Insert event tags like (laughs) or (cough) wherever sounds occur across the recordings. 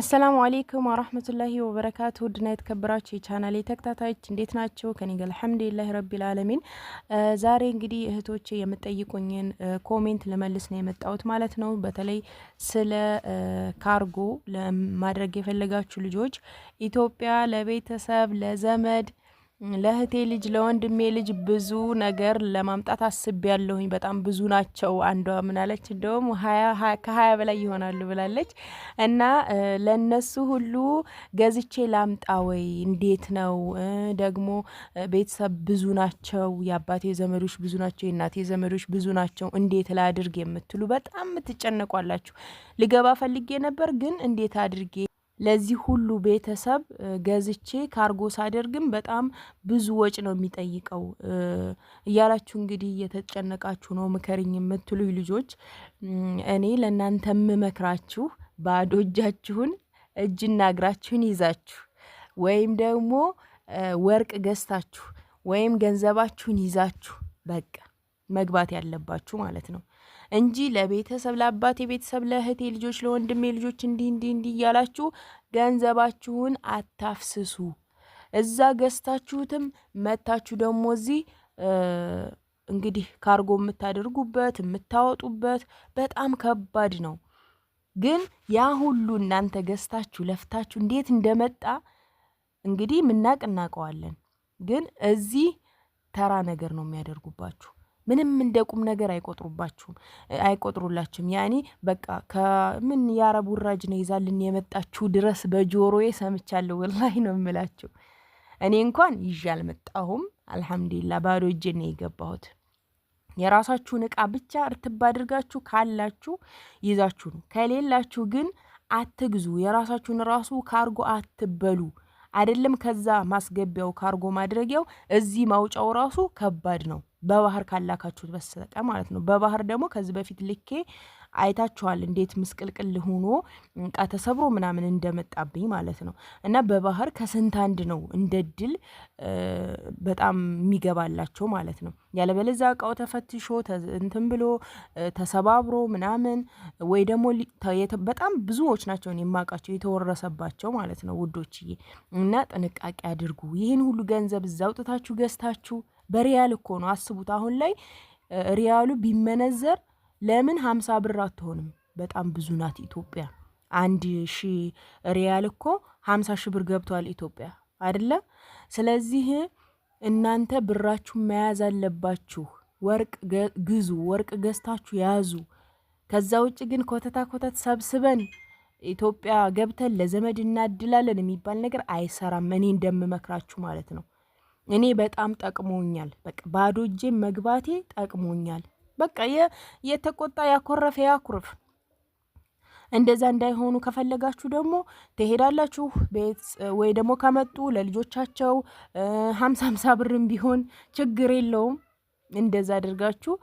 አሰላሙ አሌይኩም ወራህመቱላሂ ወበረካቱ ውድና የተከበራችሁ የቻናሌ ተከታታዮች እንዴት ናቸው? ከኔ ጋር አልሐምዱሊላህ ረቢል አለሚን። ዛሬ እንግዲህ እህቶቼ የምጠይቁኝን ኮሜንት ልመልስ ነው የመጣሁት ማለት ነው። በተለይ ስለ ካርጎ ማድረግ የፈለጋችሁ ልጆች ኢትዮጵያ ለቤተሰብ ለዘመድ ለእህቴ ልጅ ለወንድሜ ልጅ ብዙ ነገር ለማምጣት አስቤ ያለሁኝ በጣም ብዙ ናቸው። አንዷ ምናለች እንደውም ከሀያ በላይ ይሆናሉ ብላለች። እና ለነሱ ሁሉ ገዝቼ ላምጣ ወይ እንዴት ነው ደግሞ ቤተሰብ ብዙ ናቸው፣ የአባቴ ዘመዶች ብዙ ናቸው፣ የእናቴ ዘመዶች ብዙ ናቸው፣ እንዴት ላድርግ የምትሉ በጣም ትጨነቋላችሁ። ልገባ ፈልጌ ነበር ግን እንዴት አድርጌ ለዚህ ሁሉ ቤተሰብ ገዝቼ ካርጎ ሳደርግም በጣም ብዙ ወጭ ነው የሚጠይቀው እያላችሁ እንግዲህ እየተጨነቃችሁ ነው። ምከርኝ የምትሉ ልጆች እኔ ለእናንተ የምመክራችሁ ባዶ እጃችሁን እጅና እግራችሁን ይዛችሁ ወይም ደግሞ ወርቅ ገዝታችሁ ወይም ገንዘባችሁን ይዛችሁ በቃ መግባት ያለባችሁ ማለት ነው። እንጂ ለቤተሰብ ለአባቴ ቤተሰብ፣ ለእህቴ ልጆች፣ ለወንድሜ ልጆች እንዲህ እንዲህ እንዲህ እያላችሁ ገንዘባችሁን አታፍስሱ። እዛ ገዝታችሁትም መታችሁ ደግሞ እዚህ እንግዲህ ካርጎ የምታደርጉበት የምታወጡበት በጣም ከባድ ነው። ግን ያ ሁሉ እናንተ ገዝታችሁ ለፍታችሁ እንዴት እንደመጣ እንግዲህ ምናቅ እናቀዋለን። ግን እዚህ ተራ ነገር ነው የሚያደርጉባችሁ። ምንም እንደ ቁም ነገር አይቆጥሩባችሁም፣ አይቆጥሩላችሁም። ያኔ በቃ ከምን የአረብ ውራጅ ነው ይዛልን የመጣችሁ ድረስ በጆሮዬ ሰምቻለሁ። ወላሂ ነው የምላችሁ። እኔ እንኳን ይዤ አልመጣሁም። አልሐምዱሊላ ባዶ እጄ ነው የገባሁት። የራሳችሁን እቃ ብቻ እርትብ አድርጋችሁ ካላችሁ ይዛችሁ ነው፣ ከሌላችሁ ግን አትግዙ። የራሳችሁን ራሱ ካርጎ አትበሉ። አይደለም ከዛ ማስገቢያው ካርጎ ማድረጊያው እዚህ ማውጫው ራሱ ከባድ ነው፣ በባህር ካላካችሁት በስተቀር ማለት ነው። በባህር ደግሞ ከዚህ በፊት ልኬ አይታችኋል፣ እንዴት ምስቅልቅል ሆኖ እቃ ተሰብሮ ምናምን እንደመጣብኝ ማለት ነው። እና በባህር ከስንት አንድ ነው እንደ ድል በጣም የሚገባላቸው ማለት ነው። ያለበለዚያ እቃው ተፈትሾ እንትን ብሎ ተሰባብሮ ምናምን ወይ ደግሞ በጣም ብዙዎች ናቸውን የማውቃቸው የተወረሰባቸው ማለት ነው ውዶችዬ። እና ጥንቃቄ አድርጉ። ይህን ሁሉ ገንዘብ እዛ አውጥታችሁ ገዝታችሁ በሪያል እኮ ነው አስቡት። አሁን ላይ ሪያሉ ቢመነዘር ለምን ሀምሳ ብር አትሆንም? በጣም ብዙ ናት ኢትዮጵያ። አንድ ሺ ሪያል እኮ ሀምሳ ሺ ብር ገብቷል ኢትዮጵያ አይደለም። ስለዚህ እናንተ ብራችሁ መያዝ አለባችሁ። ወርቅ ግዙ፣ ወርቅ ገዝታችሁ ያዙ። ከዛ ውጭ ግን ኮተታ ኮተት ሰብስበን ኢትዮጵያ ገብተን ለዘመድ እናድላለን የሚባል ነገር አይሰራም። እኔ እንደምመክራችሁ ማለት ነው። እኔ በጣም ጠቅሞኛል። በቃ ባዶ መግባቴ ጠቅሞኛል። በቃ የተቆጣ ያኮረፈ ያኩርፍ። እንደዛ እንዳይሆኑ ከፈለጋችሁ ደግሞ ትሄዳላችሁ ቤት ወይ ደግሞ ከመጡ ለልጆቻቸው ሀምሳ ሀምሳ ብርም ቢሆን ችግር የለውም። እንደዛ አድርጋችሁ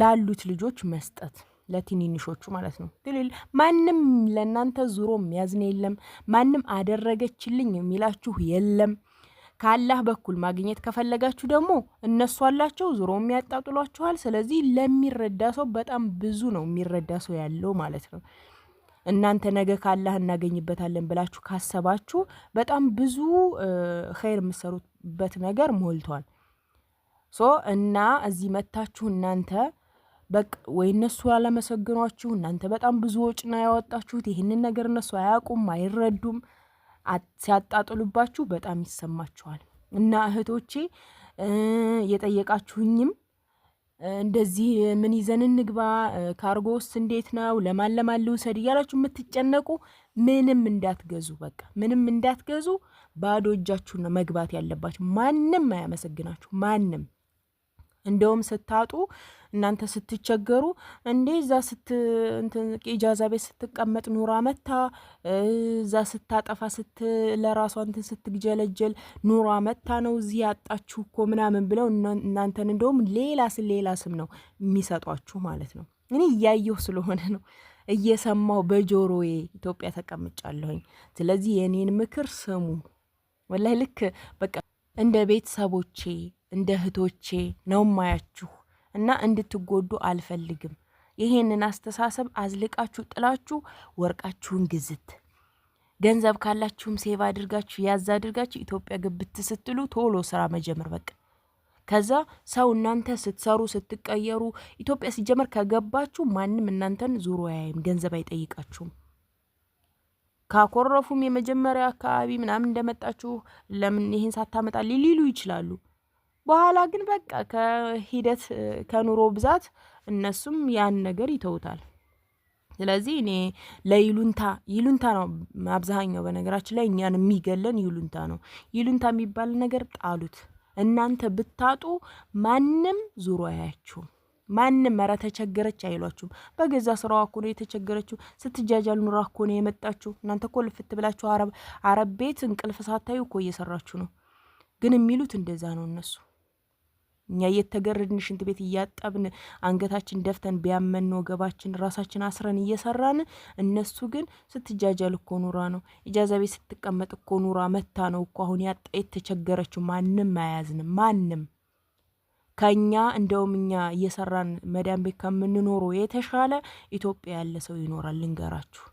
ላሉት ልጆች መስጠት ለትንንሾቹ ማለት ነው። ትልል ማንም ለእናንተ ዙሮ የሚያዝን የለም። ማንም አደረገችልኝ የሚላችሁ የለም። ከአላህ በኩል ማግኘት ከፈለጋችሁ ደግሞ እነሱ አላቸው፣ ዞሮ የሚያጣጥሏችኋል። ስለዚህ ለሚረዳ ሰው በጣም ብዙ ነው የሚረዳ ሰው ያለው ማለት ነው። እናንተ ነገ ከአላህ እናገኝበታለን ብላችሁ ካሰባችሁ በጣም ብዙ ኸይር የምትሰሩበት ነገር ሞልቷል። ሶ እና እዚህ መታችሁ እናንተ በቃ ወይ እነሱ ያላመሰግኗችሁ እናንተ በጣም ብዙ ወጭ ነው ያወጣችሁት። ይህንን ነገር እነሱ አያውቁም አይረዱም። ሲያጣጥሉባችሁ በጣም ይሰማችኋል። እና እህቶቼ የጠየቃችሁኝም እንደዚህ ምን ይዘን እንግባ፣ ውስጥ እንዴት ነው፣ ለማን ለማን ልውሰድ እያላችሁ የምትጨነቁ ምንም እንዳትገዙ፣ በቃ ምንም እንዳትገዙ። ባዶ እጃችሁ መግባት ያለባችሁ። ማንም አያመሰግናችሁ፣ ማንም እንደውም ስታጡ እናንተ ስትቸገሩ እንዴ እዛ ኢጃዛ ቤት ስትቀመጥ ኑራ መታ እዛ ስታጠፋ ስት ለራሷ እንትን ስትግጀለጀል ኑራ መታ ነው እዚህ ያጣችሁ እኮ ምናምን ብለው እናንተን እንደውም ሌላ ስም ሌላ ስም ነው የሚሰጧችሁ ማለት ነው። እኔ እያየሁ ስለሆነ ነው እየሰማው በጆሮዬ ኢትዮጵያ ተቀምጫለሁኝ። ስለዚህ የእኔን ምክር ስሙ። ወላይ ልክ በቃ እንደ ቤተሰቦቼ እንደ እህቶቼ ነው ማያችሁ እና እንድትጎዱ አልፈልግም። ይሄንን አስተሳሰብ አዝልቃችሁ ጥላችሁ ወርቃችሁን ግዝት፣ ገንዘብ ካላችሁም ሴቭ አድርጋችሁ ያዝ አድርጋችሁ ኢትዮጵያ ግብት ስትሉ ቶሎ ስራ መጀመር በቃ። ከዛ ሰው እናንተ ስትሰሩ ስትቀየሩ ኢትዮጵያ ሲጀመር ከገባችሁ ማንም እናንተን ዙሮ ያይም፣ ገንዘብ አይጠይቃችሁም። ካኮረፉም የመጀመሪያ አካባቢ ምናምን እንደመጣችሁ ለምን ይህን ሳታመጣ ሊሉ ይችላሉ። በኋላ ግን በቃ ከሂደት ከኑሮ ብዛት እነሱም ያን ነገር ይተውታል። ስለዚህ እኔ ለይሉንታ ይሉንታ ነው አብዛኛው በነገራችን ላይ እኛን የሚገለን ይሉንታ ነው። ይሉንታ የሚባል ነገር ጣሉት። እናንተ ብታጡ ማንም ዙሮ አያችሁም። ማንም መራ ተቸገረች አይሏችሁም። በገዛ ስራዋ እኮ ነው የተቸገረችው። ስትጃጃል ኑራ እኮ ነው የመጣችው። እናንተ እኮ ልፍት ብላችሁ አረብ አረብ ቤት እንቅልፍ ሳታዩ እኮ እየሰራችሁ ነው። ግን የሚሉት እንደዛ ነው እነሱ። እኛ እየተገረድን ሽንት ቤት እያጠብን አንገታችን ደፍተን ቢያመን ወገባችን ራሳችን አስረን እየሰራን፣ እነሱ ግን ስትጃጃል እኮ ኑራ ነው። ኢጃዛ ቤት ስትቀመጥ እኮ ኑራ መታ ነው እኮ አሁን ያጣ የተቸገረችው። ማንም አያዝንም ማንም ከኛ እንደውም እኛ እየሰራን መዳን ቤት ከምንኖረው የተሻለ ኢትዮጵያ ያለ ሰው ይኖራል። ልንገራችሁ፣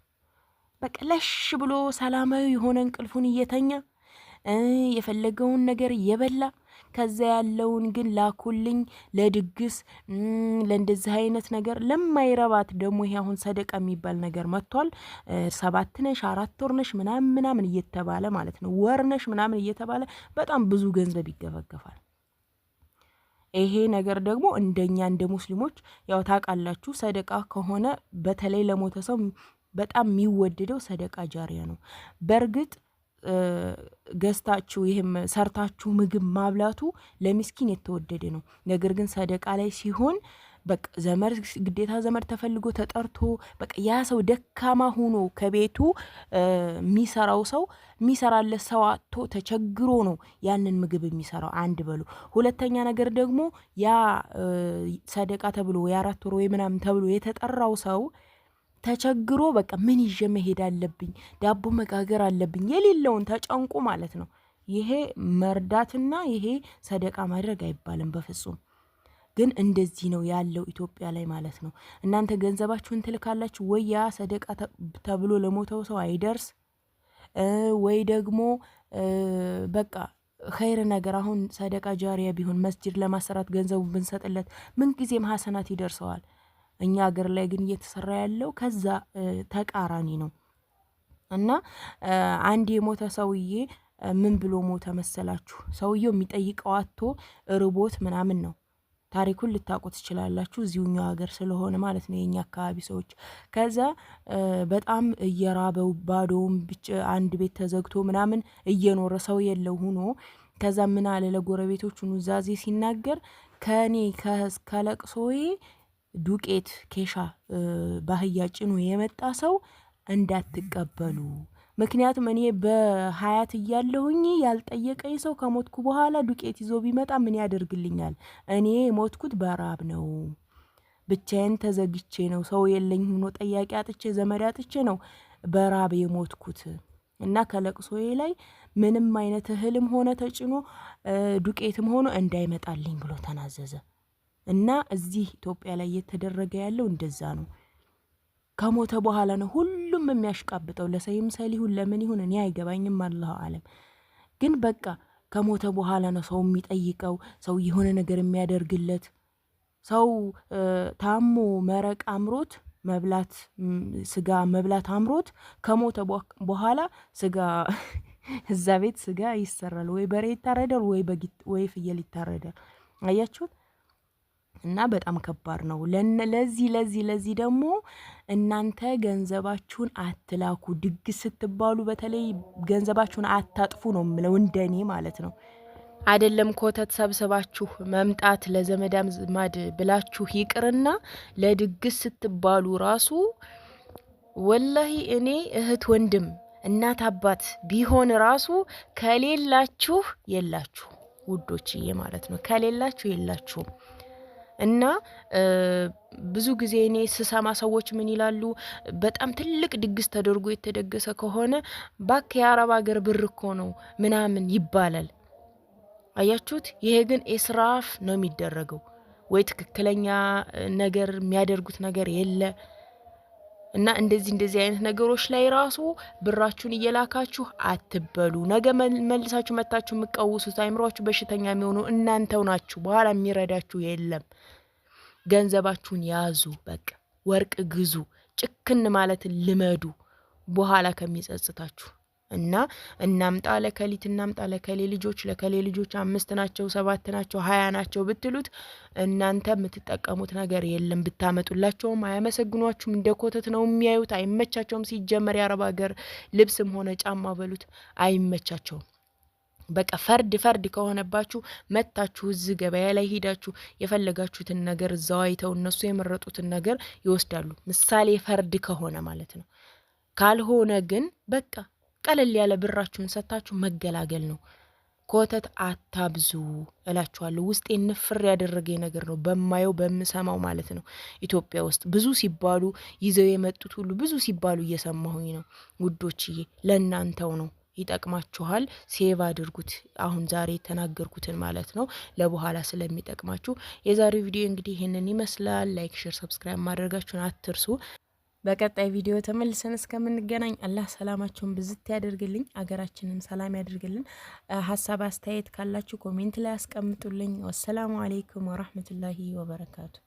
በቅለሽ ብሎ ሰላማዊ የሆነ እንቅልፉን እየተኛ የፈለገውን ነገር እየበላ ከዛ ያለውን ግን ላኩልኝ ለድግስ ለእንደዚህ አይነት ነገር ለማይረባት ደግሞ ይሄ አሁን ሰደቃ የሚባል ነገር መጥቷል። ሰባት ነሽ አራት ወር ነሽ ምናምን ምናምን እየተባለ ማለት ነው ወር ነሽ ምናምን እየተባለ በጣም ብዙ ገንዘብ ይገፈገፋል። ይሄ ነገር ደግሞ እንደኛ እንደ ሙስሊሞች ያው ታውቃላችሁ፣ ሰደቃ ከሆነ በተለይ ለሞተ ሰው በጣም የሚወደደው ሰደቃ ጃሪያ ነው። በእርግጥ ገዝታችሁ ይህም ሰርታችሁ ምግብ ማብላቱ ለሚስኪን የተወደደ ነው። ነገር ግን ሰደቃ ላይ ሲሆን በቃ ዘመድ ግዴታ ዘመድ ተፈልጎ ተጠርቶ በቃ ያ ሰው ደካማ ሆኖ ከቤቱ የሚሰራው ሰው የሚሰራለት ሰው አጥቶ ተቸግሮ ነው ያንን ምግብ የሚሰራው። አንድ በሉ። ሁለተኛ ነገር ደግሞ ያ ሰደቃ ተብሎ የአራት ወር ወይ ምናምን ተብሎ የተጠራው ሰው ተቸግሮ በቃ ምን ይዤ መሄድ አለብኝ፣ ዳቦ መጋገር አለብኝ፣ የሌለውን ተጨንቁ ማለት ነው። ይሄ መርዳትና ይሄ ሰደቃ ማድረግ አይባልም በፍጹም። ግን እንደዚህ ነው ያለው ኢትዮጵያ ላይ ማለት ነው። እናንተ ገንዘባችሁን ትልካላችሁ ወይ ያ ሰደቃ ተብሎ ለሞተው ሰው አይደርስ ወይ ደግሞ በቃ ኸይር ነገር አሁን ሰደቃ ጃሪያ ቢሆን መስጅድ ለማሰራት ገንዘቡ ብንሰጥለት ምንጊዜም ሀሰናት ይደርሰዋል። እኛ ሀገር ላይ ግን እየተሰራ ያለው ከዛ ተቃራኒ ነው እና አንድ የሞተ ሰውዬ ምን ብሎ ሞተ መሰላችሁ? ሰውየው የሚጠይቀው አቶ ርቦት ምናምን ነው። ታሪኩን ልታውቁ ትችላላችሁ። እዚሁኛው ሀገር ስለሆነ ማለት ነው የኛ አካባቢ ሰዎች። ከዛ በጣም እየራበው ባዶውም አንድ ቤት ተዘግቶ ምናምን እየኖረ ሰው የለው ሁኖ ከዛ ምን አለ ለጎረቤቶቹ ኑዛዜ ሲናገር ከእኔ ከለቅሶዬ ዱቄት ኬሻ ባህያ ጭኖ የመጣ ሰው እንዳትቀበሉ ምክንያቱም እኔ በሀያት እያለሁኝ ያልጠየቀኝ ሰው ከሞትኩ በኋላ ዱቄት ይዞ ቢመጣ ምን ያደርግልኛል? እኔ የሞትኩት በራብ ነው። ብቻዬን ተዘግቼ ነው። ሰው የለኝ ሆኖ ጠያቂ አጥቼ ዘመድ አጥቼ ነው በራብ የሞትኩት እና ከለቅሶዬ ላይ ምንም አይነት እህልም ሆነ ተጭኖ ዱቄትም ሆኖ እንዳይመጣልኝ ብሎ ተናዘዘ። እና እዚህ ኢትዮጵያ ላይ እየተደረገ ያለው እንደዛ ነው። ከሞተ በኋላ ነው ሁሉ ሁሉም የሚያሽቃብጠው ለሰይም ሰል ለምን ይሁን እኔ አይገባኝም። አላሁ አለም ግን በቃ ከሞተ በኋላ ነው ሰው የሚጠይቀው፣ ሰው የሆነ ነገር የሚያደርግለት፣ ሰው ታሞ መረቅ አምሮት መብላት ስጋ መብላት አምሮት ከሞተ በኋላ ስጋ (laughs) እዛ ቤት ስጋ ይሰራል ወይ በሬ ይታረዳል ወይ ወይ ፍየል ይታረዳል። አያችሁት? እና በጣም ከባድ ነው። ለዚህ ለዚህ ለዚህ ደግሞ እናንተ ገንዘባችሁን አትላኩ። ድግስ ስትባሉ በተለይ ገንዘባችሁን አታጥፉ ነው የምለው፣ እንደኔ ማለት ነው። አይደለም ኮተት ሰብስባችሁ መምጣት ለዘመድ አዝማድ ብላችሁ ይቅርና ለድግስ ስትባሉ ራሱ ወላሂ እኔ እህት ወንድም እናት አባት ቢሆን ራሱ ከሌላችሁ የላችሁ ውዶችዬ ማለት ነው። ከሌላችሁ የላችሁም። እና ብዙ ጊዜ እኔ ስሰማ ሰዎች ምን ይላሉ? በጣም ትልቅ ድግስ ተደርጎ የተደገሰ ከሆነ ባክ የአረብ ሀገር ብር እኮ ነው ምናምን ይባላል። አያችሁት? ይሄ ግን ኤስራፍ ነው የሚደረገው። ወይ ትክክለኛ ነገር የሚያደርጉት ነገር የለ እና እንደዚህ እንደዚህ አይነት ነገሮች ላይ ራሱ ብራችሁን እየላካችሁ አትበሉ። ነገ መልሳችሁ መታችሁ የምቀውሱት አይምሯችሁ በሽተኛ የሚሆኑ እናንተው ናችሁ። በኋላ የሚረዳችሁ የለም። ገንዘባችሁን ያዙ። በቃ ወርቅ ግዙ። ጭክን ማለት ልመዱ፣ በኋላ ከሚጸጽታችሁ እና እናምጣ ለከሊት እናምጣ ለከሌ ልጆች ለከሌ ልጆች አምስት ናቸው ሰባት ናቸው ሀያ ናቸው ብትሉት እናንተ የምትጠቀሙት ነገር የለም። ብታመጡላቸውም አያመሰግኗችሁም። እንደ ኮተት ነው የሚያዩት። አይመቻቸውም። ሲጀመር የአረብ ሀገር ልብስም ሆነ ጫማ በሉት አይመቻቸውም። በቃ ፈርድ ፈርድ ከሆነባችሁ መታችሁ እዚህ ገበያ ላይ ሄዳችሁ የፈለጋችሁትን ነገር እዛው አይተው እነሱ የመረጡትን ነገር ይወስዳሉ። ምሳሌ ፈርድ ከሆነ ማለት ነው። ካልሆነ ግን በቃ ቀለል ያለ ብራችሁን ሰጥታችሁ መገላገል ነው። ኮተት አታብዙ እላችኋለሁ። ውስጤ ንፍር ያደረገ ነገር ነው፣ በማየው በምሰማው ማለት ነው። ኢትዮጵያ ውስጥ ብዙ ሲባሉ ይዘው የመጡት ሁሉ ብዙ ሲባሉ እየሰማሁኝ ነው ውዶችዬ፣ ለእናንተው ነው። ይጠቅማችኋል። ሴቭ አድርጉት፣ አሁን ዛሬ የተናገርኩትን ማለት ነው፣ ለበኋላ ስለሚጠቅማችሁ። የዛሬው ቪዲዮ እንግዲህ ይህንን ይመስላል። ላይክ፣ ሼር፣ ሰብስክራይብ ማድረጋችሁን አትርሱ። በቀጣይ ቪዲዮ ተመልሰን እስከምንገናኝ አላህ ሰላማችሁን ብዝት ያደርግልኝ፣ አገራችንን ሰላም ያደርግልን። ሀሳብ አስተያየት ካላችሁ ኮሜንት ላይ አስቀምጡልኝ። ወሰላሙ አሌይኩም ወራህመቱላሂ ወበረካቱ